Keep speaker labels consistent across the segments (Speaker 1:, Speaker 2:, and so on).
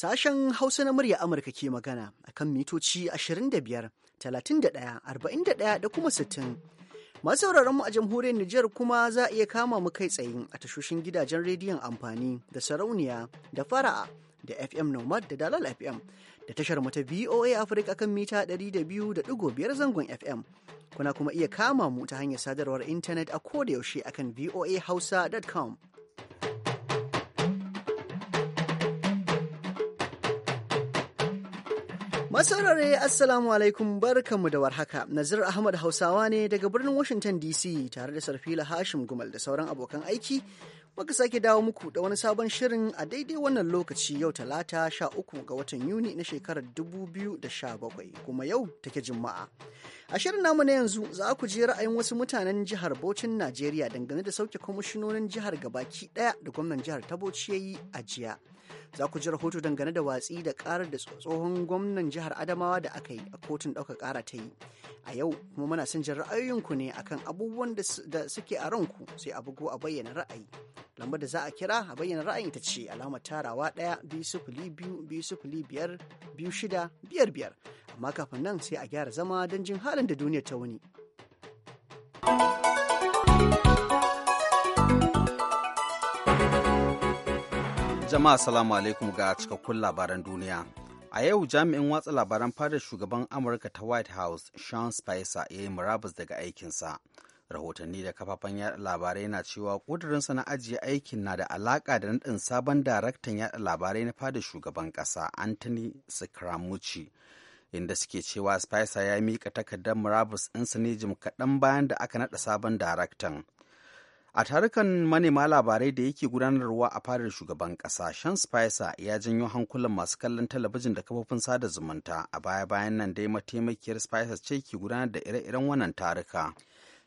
Speaker 1: Sashen Hausa na murya Amurka ke magana a kan mitoci 25, 31, 41 da kuma 60. Masu sauraron mu a jamhuriyar Nijar kuma za a iya kama mu kai tsaye a tashoshin gidajen rediyon amfani da sarauniya da fara'a da FM Nomad da Dalal FM da tashar mata ta VOA Africa kan mita 200.5 zangon FM. Kuna kuma iya kama mu ta hanyar sadarwar intanet a kodayaushe akan voahausa.com. Masarare Assalamu alaikum barkanmu da warhaka Nazir Ahmad Hausawa ne daga birnin Washington DC tare da Sarfila Hashim Gumal da sauran abokan aiki muka sake dawo muku da wani sabon shirin a daidai wannan lokaci yau talata sha uku ga watan yuni na shekarar da sha bakwai kuma yau take juma'a a shirin namu na yanzu za ku je ra'ayin wasu mutanen jihar bauchin najeriya dangane da sauke kwamishinonin jihar gabaki ɗaya da gwamnan jihar ta bauchi ya yi a jiya za ku ji rahoto dangane da watsi da karar da tsohon gwamnan jihar adamawa da aka yi a kotun ɗaukar kara ta yi a yau kuma muna son jin ra'ayoyinku ne akan abubuwan da suke a ranku sai a bugu a bayyana ra'ayi lambar da za a kira a bayyana ra'ayin ta ce alamar tarawa ɗaya biyu sifili biyu biyu sifili biyar biyu shida biyar biyar amma kafin nan sai a gyara zama don jin halin da duniya ta wuni.
Speaker 2: Jama'a salamu alaikum ga cikakkun labaran duniya. A yau jami'in watsa labaran fadar shugaban Amurka ta White House Sean Spicer ya yi murabus daga aikinsa. Rahotanni da kafafen yada labarai na cewa ƙudurinsa na ajiye aikin na da alaka da naɗin sabon daraktan yada labarai na fadar shugaban ƙasa Anthony Scaramucci. Inda suke cewa Spicer ya mika takardar murabus ɗinsa ne jim kaɗan bayan da aka naɗa sabon daraktan. a tarukan manema labarai da yake gudanarwa a fadar shugaban kasa shan spicer ya janyo hankulan masu kallon talabijin da kafofin sada zumunta a baya-bayan nan dai mataimakiyar spicer ce ke gudanar da ire-iren wannan taruka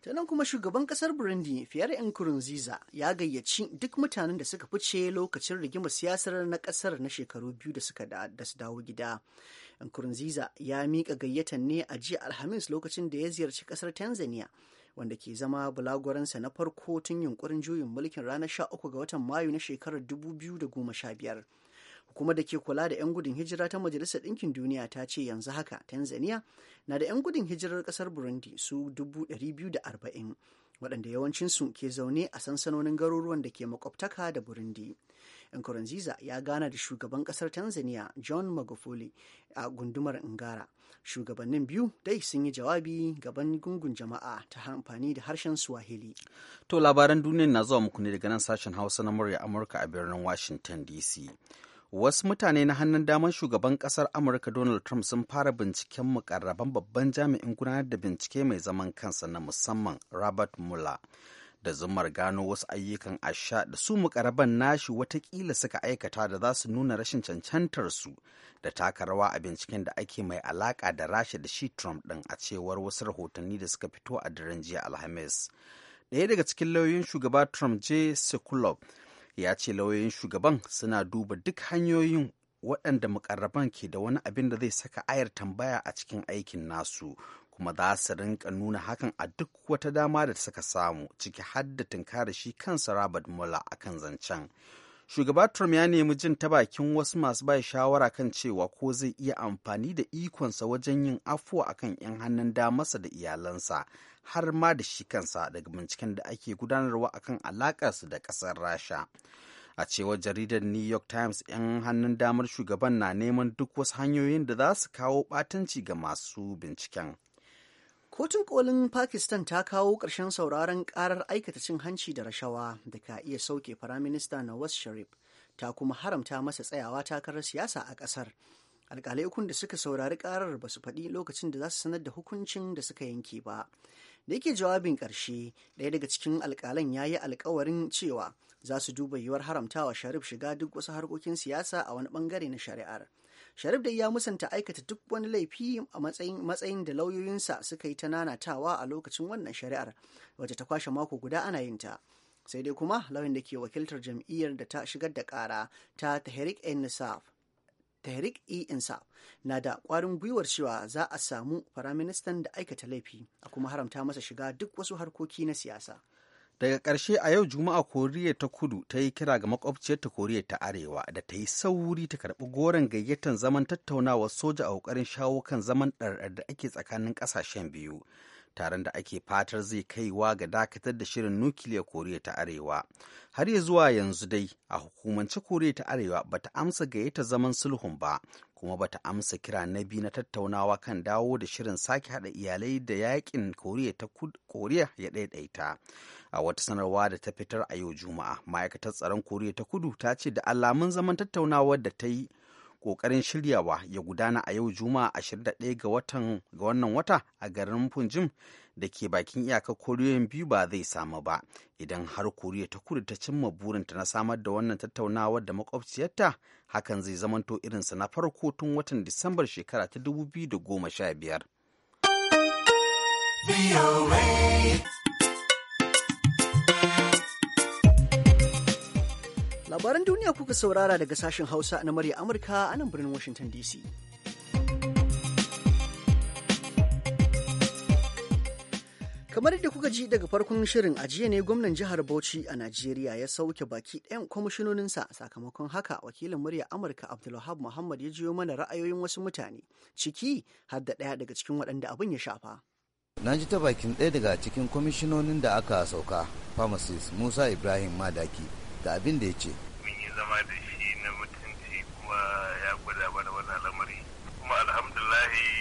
Speaker 1: ta nan kuma shugaban kasar burundi fiyar kurunziza ya gayyaci duk mutanen da suka fice lokacin rigima siyasar na kasar na shekaru biyu da suka da su dawo gida nkurunziza ya miƙa gayyatan ne a jiya alhamis lokacin da ya ziyarci kasar tanzania wanda ke zama bulagurinsa na farko tun yunkurin juyin mulkin ranar 13 ga watan mayu na shekarar 2015 hukumar da ke kula da 'yan gudun hijira ta majalisar ɗinkin duniya ta ce yanzu haka tanzania na da 'yan gudun hijirar ƙasar burundi su 240 waɗanda yawancinsu ke zaune a sansanonin garuruwan da ke makwabtaka da burundi Nkurunziza ya gana da shugaban kasar Tanzania John Magufuli a gundumar Ngara. Shugabannin biyu dai sun yi jawabi gaban gungun jama'a ta amfani da harshen Swahili.
Speaker 2: To labaran duniya na zuwa muku ne daga nan sashen Hausa na murya Amurka a birnin Washington DC. wasu mutane na hannun daman shugaban kasar amurka donald trump sun fara binciken mukarraban babban jami'in gudanar da bincike mai zaman kansa na musamman robert mueller da zumar gano wasu ayyukan asha da su muƙaraban nashi watakila suka aikata da za su nuna rashin cancantar su da taka rawa a binciken da ake mai alaƙa da rasha da shi trump din a cewar wasu rahotanni da suka fito a daren jiya alhamis ɗaya daga cikin lauyoyin shugaba trump j sekulov ya ce lauyoyin shugaban suna duba duk hanyoyin waɗanda mukarraban ke da wani abin da zai saka ayar tambaya a cikin aikin nasu kuma za su rinka nuna hakan a duk wata dama da suka samu ciki har da tunkara shi kansa Robert Mueller kan zancen. Shugaba Trump ya nemi jin ta bakin wasu masu bai shawara kan cewa ko zai iya amfani da ikonsa wajen yin afuwa kan 'yan hannun damarsa da iyalansa har ma da shi kansa daga binciken da ake gudanarwa akan alakarsu da ƙasar Rasha. a cewar jaridar new york times 'yan hannun damar shugaban na neman duk wasu hanyoyin da za su kawo ɓatanci ga masu binciken Kotun kolin Pakistan ta
Speaker 1: kawo ƙarshen sauraron ƙarar aikata cin hanci da rashawa da ka iya sauke Firaminista Nawaz Sharif ta kuma haramta masa tsayawa takarar siyasa a ƙasar. Alƙalai ukun da suka saurari ƙarar ba su faɗi lokacin da za su sanar da hukuncin da suka yanke ba. Da yake jawabin ƙarshe, ɗaya daga cikin alƙalan ya yi alƙawarin cewa za su duba yiwuwar haramtawa Sharif shiga duk wasu harkokin siyasa a wani ɓangare na shari'ar. sharif dai ya musanta aikata duk wani laifi a matsayin da lauyoyinsa suka yi ta nanatawa a lokacin wannan shari'ar wacce ta kwashe mako guda ana yin ta sai dai kuma lauyan da ke wakiltar jam'iyyar da ta shigar da kara ta tahrik insaf tahrik e insaf na da kwarin gwiwar cewa za a samu faraministan da aikata laifi a kuma haramta masa shiga duk wasu harkoki na siyasa
Speaker 2: daga ƙarshe a yau juma'a koriya ta kudu ta yi kira ga makwabciyarta koriya ta arewa da ta yi sauri ta karɓi goron gayyatar zaman tattaunawar soja a ƙoƙarin shawo kan zaman ɗarɗar da ake tsakanin ƙasashen biyu taron da ake fatar zai kaiwa ga dakatar da shirin nukiliya koriya ta arewa har ya zuwa yanzu dai a hukumance koriya ta arewa ba ta amsa ta zaman sulhun ba kuma ba ta amsa kira na biyu na tattaunawa kan dawo da shirin sake hada iyalai da yakin koriya ta koriya ya daidaita a wata sanarwa da ta fitar a yau juma'a ma'aikatar tsaron koriya ta kudu ta ce da alamun zaman tattaunawar da ta yi ƙoƙarin shiryawa ya gudana a yau juma'a 21 ga watan ga wannan wata a garin punjim da ke bakin iyakar koriyoyin biyu ba zai samu ba idan har koriya ta kudu ta cimma burinta na samar da wannan tattaunawa da makwabciyarta hakan zai zamanto sa na farko tun watan disambar shekara ta 2015
Speaker 1: Labaran duniya kuka saurara daga sashen Hausa na murya Amurka a nan birnin Washington DC. kamar yadda kuka ji daga farkon shirin a ne gwamnan jihar bauchi a najeriya ya sauke baki ɗayan kwamishinoninsa sakamakon haka wakilin murya amurka abdulwahab muhammad ya jiyo mana ra'ayoyin wasu mutane ciki har da ɗaya daga cikin waɗanda abin ya shafa
Speaker 3: na ji ta bakin ɗaya daga cikin kwamishinonin da aka sauka pharmacist musa ibrahim madaki ga abin da ya ce.
Speaker 4: Mun yi zama da shi na mutunci kuma ya gwada mana wani al'amari. Kuma alhamdulahi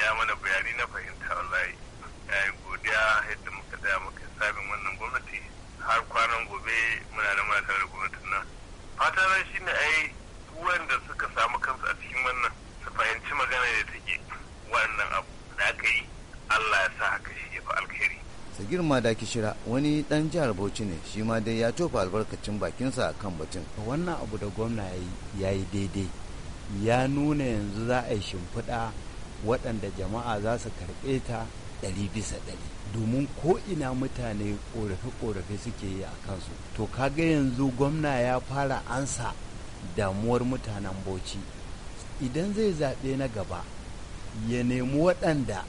Speaker 4: ya mana bayani na fahimta wallahi. Ya yi godiya yadda muka da muka sabin wannan gwamnati har kwanan gobe muna da mata da gwamnatin nan. Fata na shi ne ai wanda suka samu kansu a cikin wannan su fahimci magana da ta
Speaker 3: sagir kishira, wani dan jihar bauchi ne shi ma dai ya tofa albarkacin bakinsa a kan batun wannan abu da gwamna ya yi daidai ya nuna yanzu za a yi
Speaker 2: shimfiɗa waɗanda jama'a za su karɓe ta ɗari bisa ɗari domin ko ina mutane ƙorafe-ƙorafe suke yi a kansu to kaga yanzu gwamna ya fara ansa damuwar mutanen bauchi idan zai zaɓe na gaba
Speaker 3: ya nemi waɗanda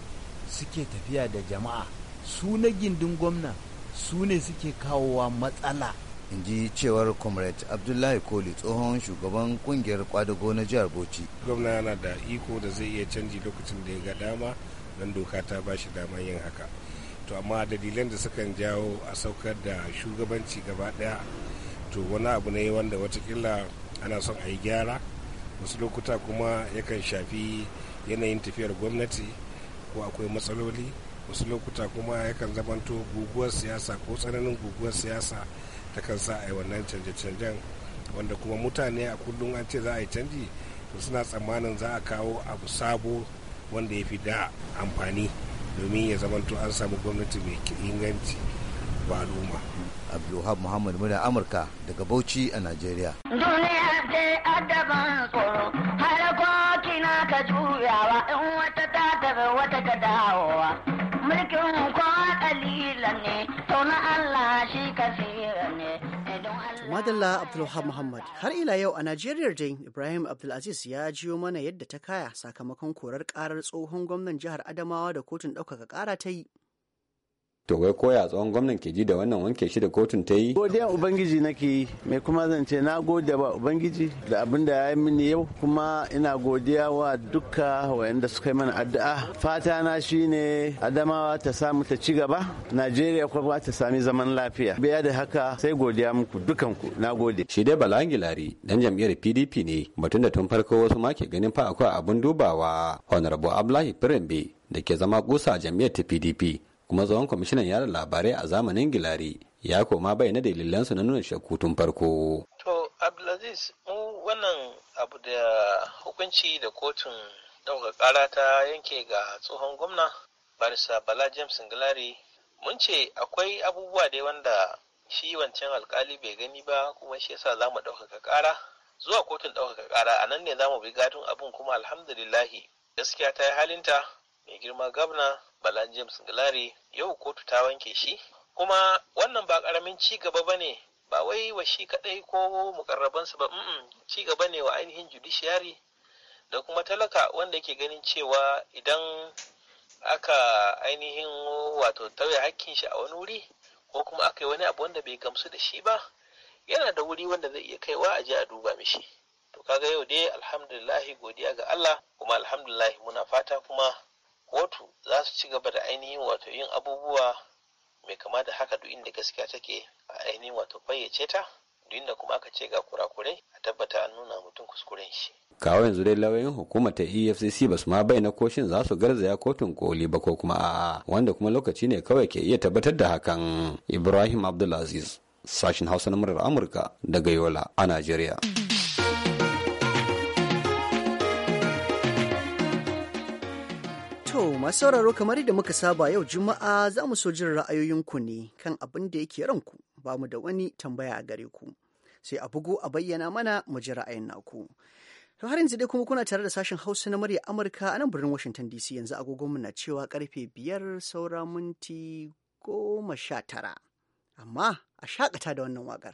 Speaker 3: suke tafiya da jama'a su na gindin gwamna su ne suke kawowa matsala in ji cewar comrade abdullahi koli tsohon shugaban kungiyar kwadago na jihar bauchi gwamna yana da iko da zai iya canji lokacin da ya ga dama don doka ta ba shi dama yin haka to amma dalilan da sukan jawo a saukar da shugabanci gaba daya to wani abu ne wanda watakila ana son a yi gyara wasu lokuta kuma yakan shafi yanayin tafiyar gwamnati ko akwai matsaloli wasu lokuta kuma yakan zamanto guguwar siyasa ko tsananin guguwar siyasa ta kan sa a yi wannan canje-canjen wanda kuma mutane a kullum an ce za a yi canji to suna tsammanin za a kawo abu sabo wanda ya fi da amfani domin ya zamanto an samu gwamnati mai inganci ba al'umma. Abdulhab Muhammad Muna Amurka daga Bauchi a nigeria
Speaker 5: Duniya ce tsoro, har ka juyawa in wata ta wata ka dawowa. mulkin kwa kalilan
Speaker 2: ne to na Allah shi kasira ne eh,
Speaker 1: Madalla Abdulwahab Muhammad har ila yau a Najeriya dai Ibrahim Abdulaziz ya jiyo mana yadda ta kaya sakamakon korar karar tsohon gwamnan jihar Adamawa da kotun ɗaukaka ƙara ta yi.
Speaker 2: to wai koya tsawon gwamnan ke ji da wannan wanke shi da kotun ta yi
Speaker 3: godiya ubangiji nake yi mai kuma zan ce na gode wa ubangiji da abin da ya yi mini yau kuma ina godiya wa duka wayanda suka yi mana addu'a fata na shine adamawa ta samu ta ci gaba najeriya kuma ta sami zaman lafiya biya da haka sai godiya muku dukanku na gode shi dai
Speaker 2: bala dan jam'iyyar pdp ne batun da tun farko wasu ma ke ganin fa akwai abin dubawa honorable ablahi firimbe da ke zama kusa a jam'iyyar ta pdp kuma tsohon kwamishinan yada labarai a zamanin gilari ya koma bayyana dalilansu na nuna shakku farko. To Abdulaziz mu
Speaker 4: wannan abu da hukunci da kotun ɗaukar ƙara ta yanke ga tsohon gwamna barista Bala James Gilari mun ce akwai abubuwa dai wanda shi wancan alkali bai gani ba kuma shi yasa za mu ɗaukaka ƙara zuwa kotun ɗaukaka ƙara a nan ne za mu bi gadon abin kuma alhamdulillahi gaskiya ta yi halinta mai girma gabna balan James Gilari yau kotu ta wanke shi kuma wannan ba ƙaramin ci gaba ne ba wai wa shi kaɗai ko mukarrabansa ba mm ci gaba ne wa ainihin judiciary da kuma talaka wanda ke ganin cewa idan aka ainihin wato tauye hakkin shi a wani wuri ko kuma aka yi wani abu wanda bai gamsu da shi ba yana da wuri wanda zai iya kaiwa a je a duba mishi to kaga yau dai alhamdulillahi godiya ga Allah kuma alhamdulillahi muna fata kuma kotu za su ci gaba da ainihin wato yin abubuwa mai kama da haka duk inda gaskiya take a ainihin wato fayyace ta
Speaker 2: duk inda kuma aka ce ga kurakurai a tabbata an nuna mutum kuskuren shi. kawo yanzu dai lauyoyin hukumar ta efcc ba su ma bayyana koshin za su garzaya kotun koli ba ko kuma a'a wanda kuma lokaci ne kawai ke iya tabbatar da hakan ibrahim abdulaziz sashin hausa na murar amurka daga yola a najeriya.
Speaker 1: Masu sauraro kamar da muka saba yau Juma'a za mu so jin ra'ayoyinku ne kan abin da yake ranku ba mu da wani tambaya a gare ku. Sai a bugu a bayyana mana mu ji ra'ayin naku. To har yanzu dai kuma kuna tare da sashen Hausa na murya Amurka a nan birnin Washington DC yanzu agogon mu na cewa karfe biyar saura minti goma sha tara. Amma a shakata da wannan waƙar.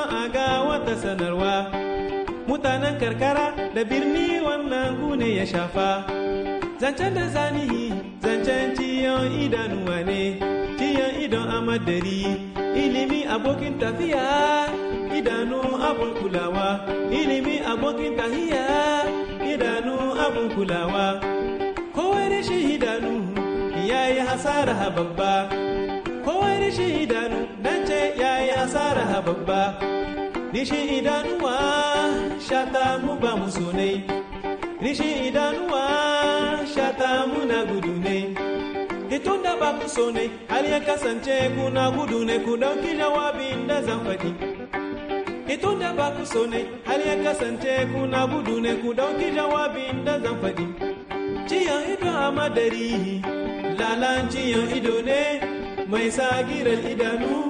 Speaker 4: jama'a ga wata sanarwa mutanen karkara da birni wannan gune ya shafa zancen da zanihi zancen ciyon idanuwa ne ciyon idon amadari ilimi abokin tafiya idanu abun kulawa ilimi abokin tahiya idanu abun kulawa kowai shi idanu ya yi hasara babba kowai shi idanu Allah babba rishin idanuwa shata mu ba mu so rishin idanuwa shata mu na gudu ne itun da ba ku so ne har ya kasance kuna gudu ne ku dauki jawabin da zan faɗi itun da ba ku so ne har ya kasance kuna gudu ne ku dauki jawabin da zan faɗi ciyan ido a madari lalan ciyan ido ne mai sagirar idanu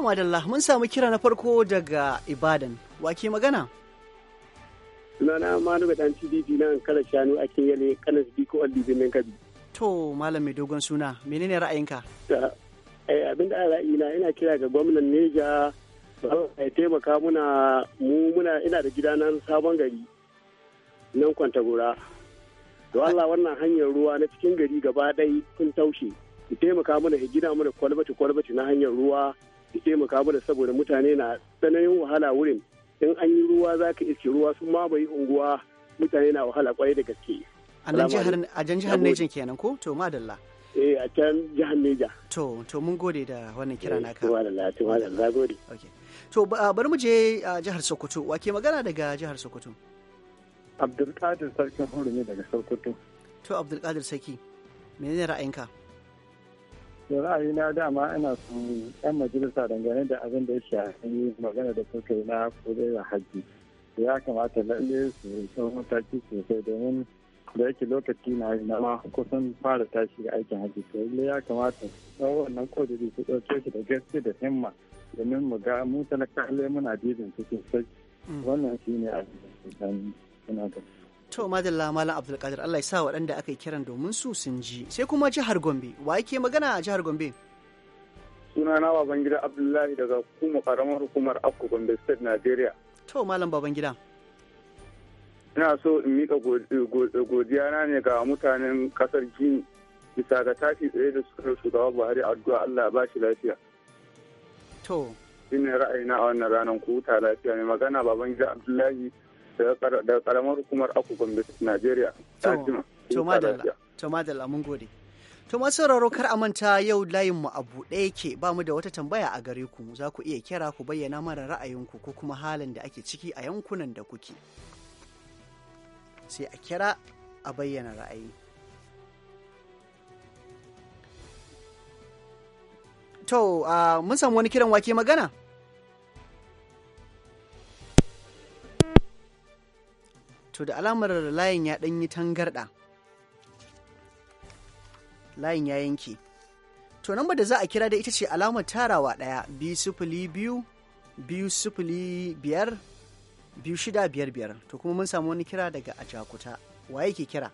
Speaker 1: da Allah mun samu kira na farko daga Ibadan. Wake magana?
Speaker 5: Sunana Manuwa Dan TDP na kala shanu a Yale kanas biko alli birnin kabi.
Speaker 1: To malam mai dogon suna menene ra'ayinka?
Speaker 5: Eh, abin da ra'ayina ina kira ga gwamnan Neja a taimaka muna mu muna ina da gida nan sabon gari nan kwantagora. To Allah wannan hanyar ruwa na cikin gari gaba ɗai kun taushe. Ku taimaka mana ya gina mana kwalbati kwalbati na hanyar ruwa mu taimaka mana saboda mutane na tsananin wahala wurin in an yi ruwa za ka iske ruwa sun ma bai unguwa mutane na wahala kwarai da gaske. A nan jihar Nejin
Speaker 1: kenan ko? To madalla. Eh a can jihar Neja. To to mun gode da wannan kira eh, na ka. madalla to madalla gode. To bari mu je jihar Sokoto wake magana daga jihar Sokoto.
Speaker 5: Abdulkadir Sarkin
Speaker 1: Horo ne daga Sokoto. To Abdulkadir Saki menene ra'ayinka? to ra'ayina dama ina son yan majalisa dangane
Speaker 5: da abin da ya shafi magana da suka yi na da hajji ya kamata lalle su sau mataki sosai domin da yake lokaci na yi nama kusan fara tashi ga aikin hajji to lalle ya kamata sau wannan kodiri su ɗauke shi da gaske da himma domin mu ga mu talaka muna dibin su sosai mm. wannan shi ne a cikin suna
Speaker 1: To madalla Malam Abdulkadir Allah ya sa waɗanda aka yi kiran domin su sun ji. Sai kuma jihar Gombe, wa yake magana a jihar Gombe?
Speaker 5: Suna na Babangida Abdullahi daga kuma karamar hukumar Afko Gombe State Nigeria.
Speaker 1: To Malam Babangida.
Speaker 5: Ina so in mika godiya na ne ga mutanen kasar Gini bisa ga tashi tsaye da suka shugaba Buhari addu'a Allah ya bashi lafiya. To. Ina ra'ayina a wannan ranar ku huta lafiya ne magana Babangida Abdullahi daga karamar hukumar aku najeriya to
Speaker 1: to madalla mun gode to masu sauraro kar a manta yau layin mu a buɗe yake ba mu da wata tambaya a gare ku za ku iya kira ku bayyana mana ra'ayinku ko kuma halin da ake ciki a yankunan da kuke sai a kira a bayyana ra'ayi to ah, mun samu wani kiran wake magana to da alamar layin ya ɗanyi tangarɗa layin ya yanke to namba da za a kira da ita ce alamar tarawa ɗaya biyu sufuli biyu biyu sufuli biyar biyu shida biyar biyar to kuma mun samu wani kira daga a jakuta waye ke kira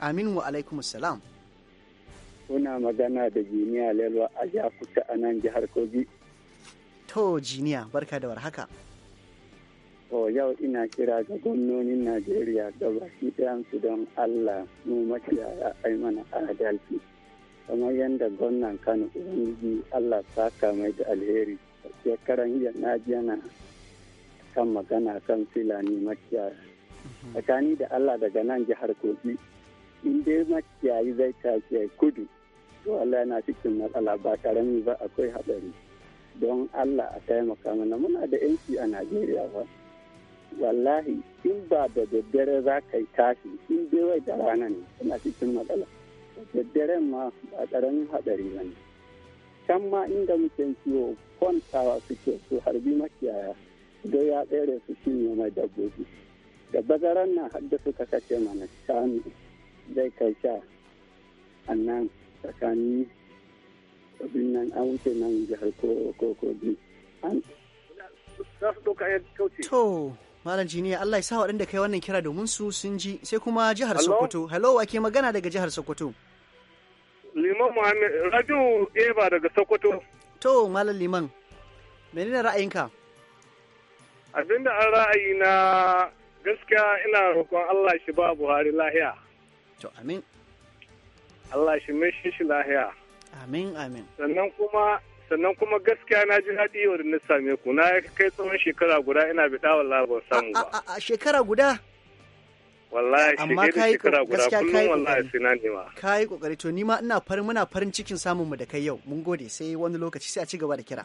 Speaker 1: amin wa alaikum salam
Speaker 5: kuna magana da jiniya lelwa jakuta a nan jihar kogi
Speaker 1: to jiniya barka da warhaka haka
Speaker 5: To yau ina kira ga gwamnonin Najeriya da baki su don Allah mu makiyaya ai mana adalci. Kamar yadda gwamnan Kano Ubangiji Allah saka mai da alheri. Shekaran jiya na yana kan magana kan filani makiyaya. Mhm. Tsakani da Allah daga nan jihar Kogi. In dai makiyayi zai tashi kudu to Allah yana cikin matsala ba karami ba akwai haɗari don Allah a taimaka mana muna da yanci a Najeriya ba. wallahi in ba da daddare za ka yi tashi in dai da rana ne suna cikin matsala daddaren ma ba ƙaramin haɗari ba ne can ma inda mutum ciwo kwantawa suke su harbi makiyaya da ya tsere su shi ne mai dabbobi da bazaran na hadda suka kace mana shanu zai kai sha annan tsakani abin nan an wuce nan jihar ko ko ko an
Speaker 1: Malam Jiniya Allah ya sa waɗanda kai wannan kira domin su sun ji sai kuma jihar Sokoto. Hello wake magana daga jihar Sokoto.
Speaker 5: Liman Muhammad Rabiu Eba
Speaker 1: daga Sokoto. To Malam Liman menene ra'ayinka?
Speaker 5: Abinda an ra'ayi na gaskiya ina roƙon Allah shi ba Buhari lahiya. To amin. Allah shi mai shi lahiya.
Speaker 1: Amin amin.
Speaker 5: Sannan kuma sannan kuma gaskiya na ji daɗi yau da na same ku na kai tsawon shekara guda ina bi ɗawon labar samu ba.
Speaker 1: A shekara guda?
Speaker 5: Wallahi shekara guda kullum wallahi sai na nema.
Speaker 1: Ka yi ƙoƙari to nima ina farin muna farin cikin mu da kai yau mun gode sai wani lokaci sai a ci gaba da kira.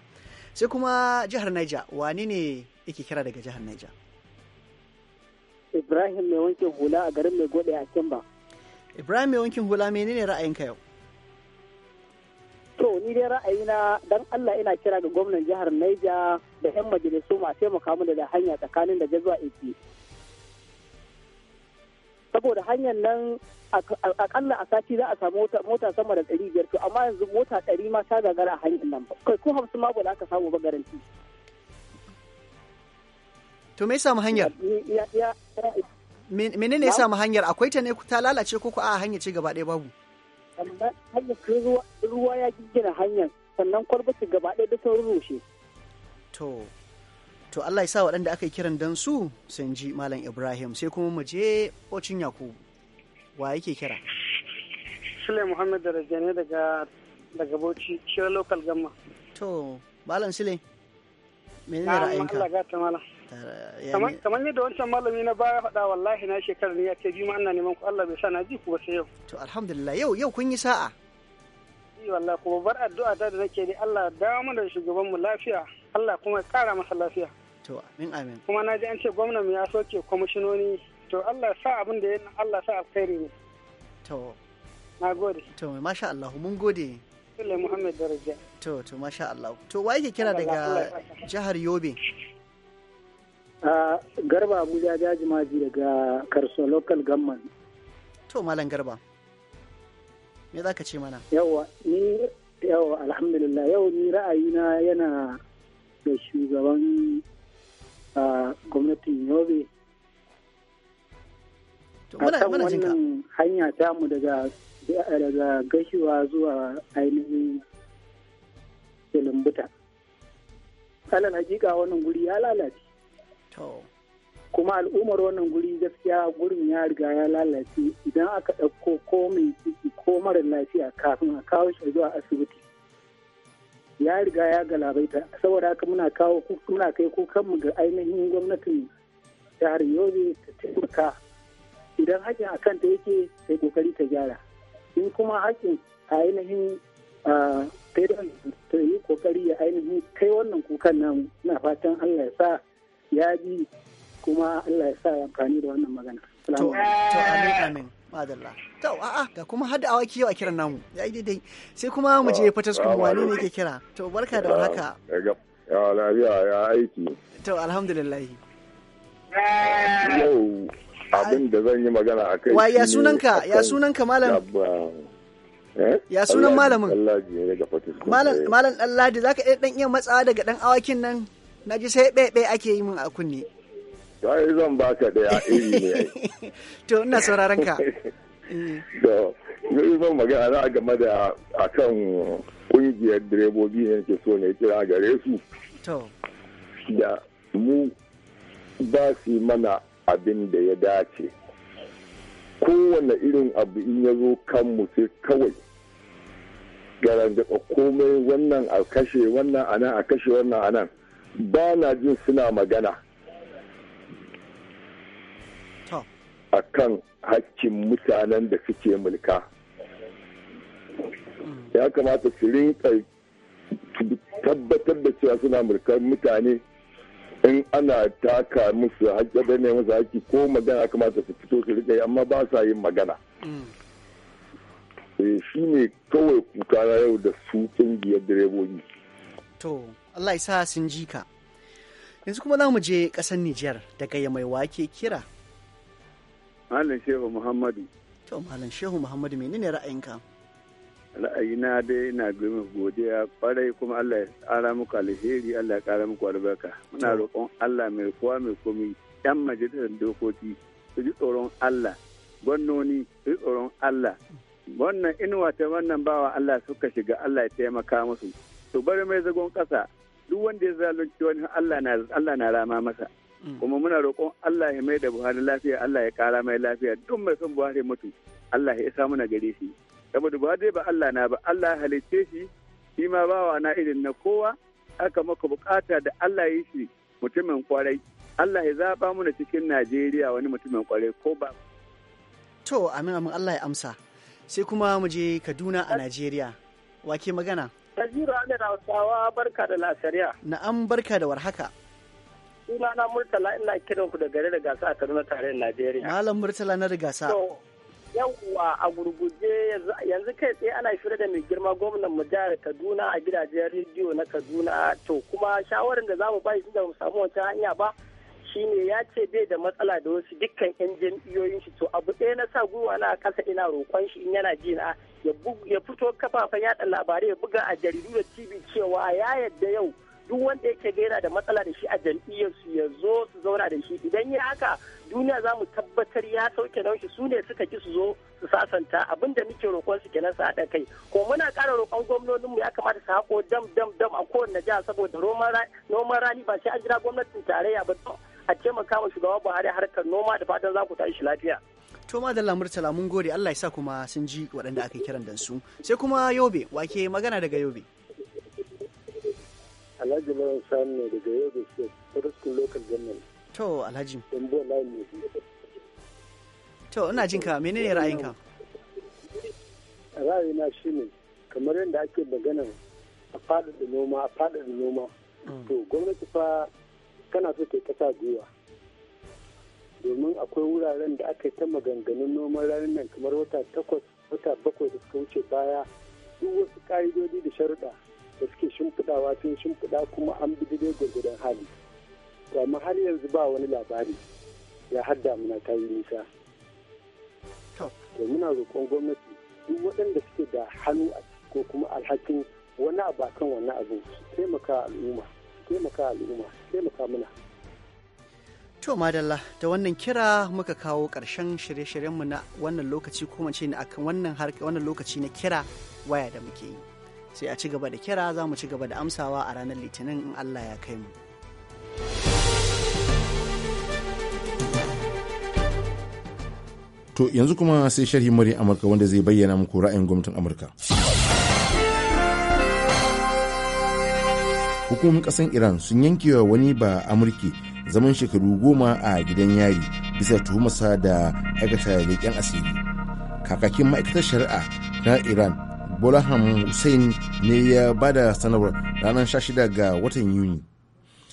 Speaker 1: Sai kuma jihar Naija wani ne yake kira daga jihar Naija?
Speaker 5: Ibrahim mai wankin hula a garin mai gode a Kimba.
Speaker 1: Ibrahim mai wankin hula menene ra'ayinka yau?
Speaker 5: To ni dai ra'ayina dan Allah ina kira ga gwamnan jihar Niger da 'yan majalisu ma taimaka mu da hanya tsakanin da zuwa Eki. Saboda hanyar nan akalla a sati za a samu mota sama da ɗari biyar to amma yanzu mota ɗari ma ta gagara a hanyar nan ba. Kai ko hamsin ma ba za ka samu ba garanti.
Speaker 1: To me samu hanyar? Menene ya samu hanyar akwai ta ne ta lalace ko ko a hanya ce gaba ɗaya babu? amma hanyar ruwa ya gina hanyar sannan kwalbati gaba ɗaya da sauran rushe. To, to Allah ya sa waɗanda aka yi kiran dan su sun ji Malam Ibrahim sai kuma mu je Ocin Yakubu. Wa yake kira?
Speaker 5: Sule Muhammad Darajane daga daga Bauchi, Shira Local Gamma.
Speaker 1: To, Malam Sule, menene ra'ayinka? Allah Eh, kamar
Speaker 5: yadda wancan malami na baya faɗa wallahi na shekarar ne ya ce bi ma'ana neman ku Allah bai sa na ji
Speaker 1: ku wasu sai yau to alhamdulillah yau yau kun yi sa'a
Speaker 5: wallahi kuma bar addu'a ta da nake ne Allah dawo mana da shugaban mu lafiya Allah kuma ya kara masa lafiya
Speaker 1: to amin amin
Speaker 5: kuma na ji an ce gwamnan ya soke kwamishinoni to Allah sa abin da ya Allah sa alkhairi ne
Speaker 1: to na gode to masha Allah mun gode Sule Muhammad Daraja to to masha Allah to wa yake kira daga jihar Yobe
Speaker 5: Garba Abuja jaji maji daga Karso Local Government.
Speaker 1: To Malam Garba, me za ka ce mana?
Speaker 5: Yawa, ni yau, alhamdulillah yau ni ra'ayina yana da shugaban gwamnatin Yobe. A kan wannan hanya tamu daga daga gashiwa zuwa ainihin Lumbuta. Alal hakika wannan guri ya lalace. kuma al'ummar wannan guri gaskiya gurin ya riga ya lalace idan aka ɗauko ko mai ciki ko mara lafiya kafin a kawo shi zuwa asibiti ya riga ya galabaita saboda haka muna kawo muna kai kukanmu ga ainihin gwamnatin jihar yobe ta taimaka idan hakin a kanta yake sai kokari ta gyara in kuma hakin a ainihin ta yi kokari ya ainihin kai wannan kukan namu na fatan allah ya sa ya bi kuma Allah ya sa amfani da wannan magana.
Speaker 1: To, amin amin. Madalla. To, a'a, ga kuma hada awa kiyo a kiran namu. Ya yi daidai. Sai kuma mu je fatas kuma wani ne ke kira. To, barka da warhaka. Ya lafiya ya aiki. To, alhamdulillah.
Speaker 5: Yau, abin da zan yi magana a kai. Wa ya sunanka, ya sunanka malam. Eh? Ya sunan malamin. Malam
Speaker 1: eh. Allah, za ka ɗan iya matsawa daga ɗan awakin nan? na ji sai ɓeɓe ake yi min a kunne
Speaker 5: ai zan baka ɗaya ya iri ne
Speaker 1: to ina sauraron ka
Speaker 5: eh. to yi zan magana na game da a kan ƙungiyar direbobi ne ke so ne kira gare su to da mu ba su mana abin da ya dace kowane irin abu in ya zo mu sai kawai garanta komai wannan a kashe wannan a nan a kashe wannan a nan ba na jin suna magana a kan hakkin mutanen da suke mulka mm. ya kamata su rinka tabbatar da cewa suna mulkar mutane in ana taka musu haƙƙi da ne musu haƙƙi ko magana kamata su fito su rika amma ba sa yin magana mm. eh, shi ne kawai kuka yau da su ƙungiyar
Speaker 1: direbobi Allah ya sa sun ji ka yanzu kuma za mu je ƙasar Nijar daga ya mai wake kira Malam Shehu Muhammadu to Malam Shehu Muhammadu menene ra'ayinka ra'ayina dai na
Speaker 5: gami godiya kwarai kuma Allah ya ƙara muku alheri Allah ya ƙara muku albarka muna roƙon Allah mai kowa mai komi yan majalisar dokoki su ji tsoron Allah gwannoni su ji tsoron Allah wannan inuwa ta wannan bawa Allah suka shiga Allah ya taimaka musu To bari mai zagon ƙasa duk wanda ya zalunci wani Allah na Allah na rama masa mm. kuma muna roƙon Allah ya mai da Buhari lafiya Allah ya kara mai lafiya duk mai son Buhari mutu Allah ya isa muna gare shi saboda Buhari ba Allah na ba Allah ya halicce shi shi ma bawa na irin na kowa aka maka bukata da Allah ya yi shi mutumin kwarai Allah ya zaba muna cikin Najeriya wani mutumin kwarai ko ba
Speaker 1: to amin amin Allah ya amsa sai kuma mu je Kaduna a Najeriya wake magana
Speaker 5: Tajiru Ahmed Hausawa barka da lasariya.
Speaker 1: Na'am barka da warhaka.
Speaker 5: Sunana Murtala
Speaker 1: ina kiran ku da gare
Speaker 5: da gasa a Kaduna tarayyar Najeriya.
Speaker 1: Malam Murtala na rigasa.
Speaker 5: Yawwa a gurguje yanzu kai tsaye ana shirya da mai girma gwamnan mu jihar Kaduna a gidajen rediyo na Kaduna to kuma shawarar da za mu bai tun da mu samu wancan hanya ba shine ya ce bai da matsala da wasu dukkan 'yan jam'iyyoyin shi to abu ɗaya na sa gwiwa na kasa ina roƙon shi in yana ji na ya fito kafafen yaɗa labarai ya buga a jaridu da tv cewa ya yadda yau duk wanda yake ga yana da matsala da shi a jam'iyyar su ya zo su zauna da shi idan ya haka duniya za mu tabbatar ya sauke naushi su ne suka ki su zo su sasanta abin da muke roƙon su kenan su haɗa kai ko muna ƙara roƙon gwamnoninmu ya kamata su haƙo dam dam dam a kowanne jiha saboda noman rani ba sai an jira gwamnatin tarayya ba a taimaka wa shugaba Buhari harkar noma da fatan za ku tashi lafiya.
Speaker 1: To da lamur mun gode Allah ya sa kuma sun ji waɗanda aka kiran dan su. Sai kuma Yobe wake magana daga Yobe.
Speaker 5: Alhaji Lawan Sani ne daga Yobe State, Firiskun Local Government.
Speaker 1: To Alhaji.
Speaker 5: Dambuwa Lawan
Speaker 1: To ina jin ka menene ra'ayinka?
Speaker 5: Ra'ayina ne kamar yadda ake magana a faɗaɗa noma a faɗaɗa noma. Mm. To gwamnati fa kana so ta kasa gwiwa domin akwai wuraren da aka yi ta maganganun noman ranar nan kamar wata takwas wata bakwai da suka wuce baya duk wasu ka'idodi da sharuɗa da suke shimfiɗawa sun shimfiɗa kuma an bi daidai gwargwadon hali to amma har yanzu ba wani labari ya hadda muna ta yi nisa to muna roƙon gwamnati duk waɗanda suke da hannu ko kuma alhakin wani abu akan wani abu su taimaka al'umma taimaka al'umma taimaka mana
Speaker 1: To madalla da wannan kira muka kawo ƙarshen shirye-shiryenmu na wannan lokaci ko ce ni akan wannan harka wannan lokaci na kira waya da muke yi. Sai a ci gaba da kira za mu ci gaba da amsawa a ranar Litinin in Allah ya kai mu.
Speaker 3: To yanzu kuma sai sharhi murya Amurka wanda zai bayyana muku ra'ayin gwamnatin Amurka. hukumomin kasan iran sun yanke wa wani ba amurke zaman shekaru goma a gidan yari bisa tuhumarsa da aikata leƙen asiri kakakin ma'aikatar shari'a na iran bolaham hussein ne ya ba da sanarwar ranar 16 ga watan yuni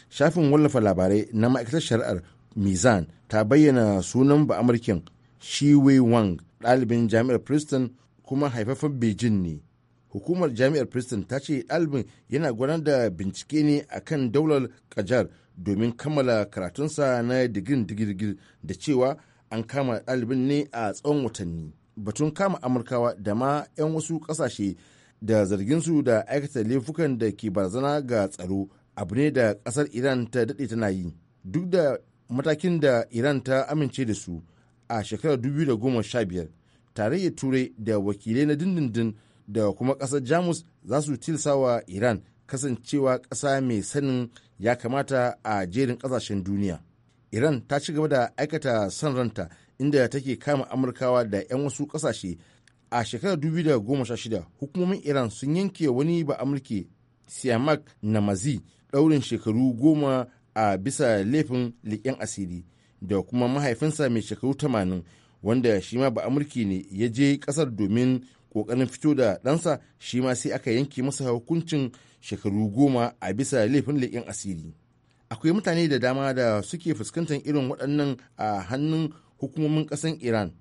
Speaker 3: shafin wallafa labarai na ma'aikatar shari'ar mizan ta bayyana sunan ba amurken shiwe wang ɗalibin jami'ar princeton kuma haifafan beijing ne hukumar jami'ar princeton ta ce ɗalibin yana gudanar da bincike ne akan daular kajar domin kammala karatunsa na digirin digirgir da cewa an kama ɗalibin ne a tsawon watanni batun kama amurkawa da ma 'yan wasu ƙasashe da zarginsu da aikata laifukan da ke barazana ga tsaro abu ne da ƙasar iran ta daɗe tana yi duk da matakin da iran ta amince da su a shekarar 2015 tarayyar turai da wakilai na dindindin da kuma ƙasar jamus za su tilsawa iran kasancewa ƙasa mai sanin ya kamata a jerin ƙasashen duniya iran ta ci gaba da aikata san ranta inda take kama amurkawa da 'yan wasu ƙasashe a shekarar 2016 hukumomin iran sun yanke wani ba amurke siamak namazi daurin shekaru goma a bisa laifin liƙen asiri da kuma mahaifinsa mai shekaru 80 wanda shi ma ba amurki ne ya je ƙasar domin kokarin fito da ɗansa shi ma sai aka yanke masa hukuncin shekaru goma a bisa laifin leƙen asiri akwai mutane da dama da suke fuskantar irin waɗannan a hannun hukumomin ƙasar iran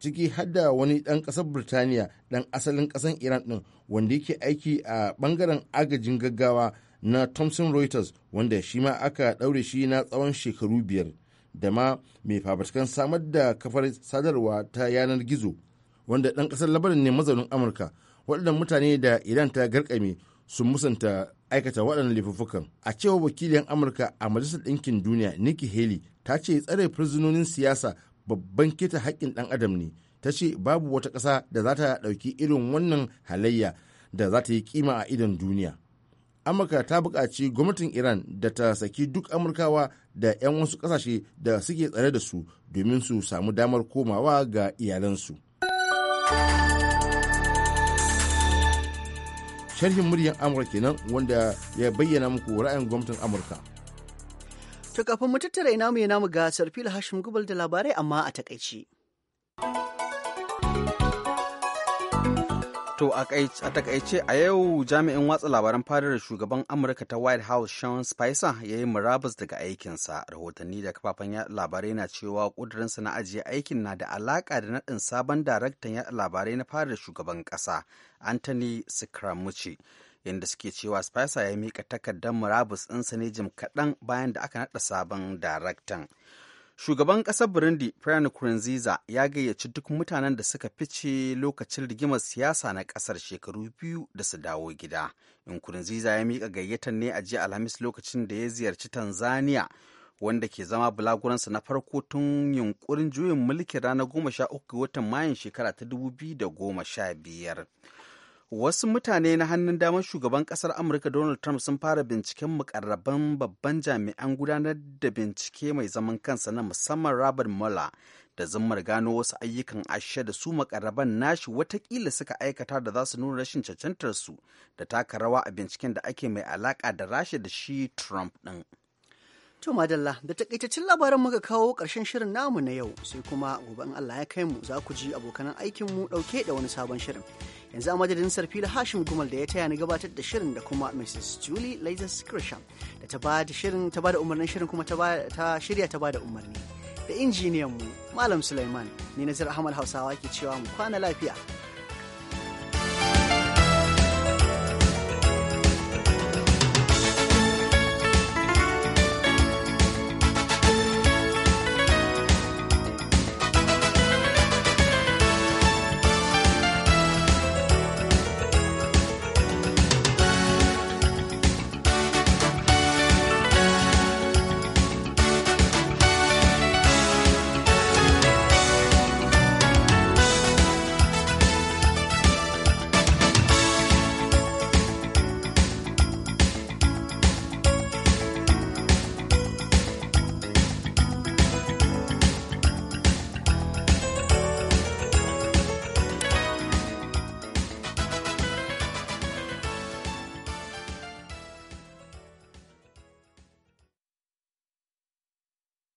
Speaker 3: ciki har wani ɗan ƙasar birtaniya ɗan asalin ƙasar iran ɗin wanda yake aiki a ɓangaren agajin gaggawa na thomson reuters wanda shi ma aka ɗaure shi na tsawon shekaru biyar da ma mai fafutukan samar da kafar sadarwa ta yanar gizo wanda ɗan ƙasar labarin ne mazaunin amurka waɗannan mutane da iran ta garkame sun musanta aikata waɗannan laifuffukan a cewa wakilin amurka a majalisar ɗinkin duniya nikki haley ta ce tsare fursunonin siyasa babban kita haƙƙin ɗan adam ne ta ce babu wata ƙasa da za ta ɗauki irin wannan halayya da za ta yi kima a idon duniya amurka ta buƙaci gwamnatin iran da ta saki duk amurkawa da 'yan wasu ƙasashe da suke tsare da su domin su samu damar komawa ga iyalansu sharhin muryar amurka kenan wanda ya bayyana muku ra'ayin gwamnatin amurka
Speaker 1: to kafin mu tattara ina mu ya namu ga sarfil hashim gubal da labarai amma a takaici.
Speaker 2: To a takaice a yau jami'in watsa labaran fadar shugaban Amurka ta White House Sean Spicer ya yi murabus daga aikinsa. Rahotanni da kafafen yaɗa labarai na cewa ƙudurinsa na ajiye aikin na da alaƙa da naɗin sabon daraktan yaɗa labarai na fadar shugaban ƙasa Anthony Scaramucci. yanda suke cewa Spicer ya miƙa takardar murabus ɗinsa ne jim kaɗan bayan da aka naɗa sabon daraktan. shugaban ƙasar burundi pierre nkurunziza ya gayyaci duk mutanen da suka fice lokacin rigimar siyasa na ƙasar shekaru biyu da su dawo gida nkurunziza ya miƙa gayyatar ne a jiya alhamis lokacin da ya ziyarci tanzania wanda ke zama bulaguransa na farko tun yunkurin juyin mulkin ranar goma sha uku watan mayun shekara ta dubu biyu da goma sha biyar wasu mutane na hannun damar shugaban kasar amurka donald trump sun fara binciken mukarraban babban jami'an gudanar da bincike mai zaman kansa na musamman robert mueller da zammar gano wasu ayyukan ashe da su makarraban nashi watakila suka aikata da za su nuna rashin cancantar su da taka rawa a binciken da ake mai alaka da rasha da shi trump ɗin.
Speaker 1: To madalla da takaitaccen labaran muka kawo ƙarshen shirin namu na yau sai kuma gobe in Allah ya kai mu za ku ji abokan aikin mu ɗauke da wani sabon shirin. Yanzu a madadin Sarfila Hashim Gumal da ya taya ni gabatar da shirin da kuma Mrs. Julie Lazarus Scrisham da ta ba da shirin ta ba da umarnin shirin kuma ta shirya ta ba da umarni. Da injiniyan mu Malam Sulaiman ni Nazir Ahmad Hausawa ke cewa mu kwana lafiya.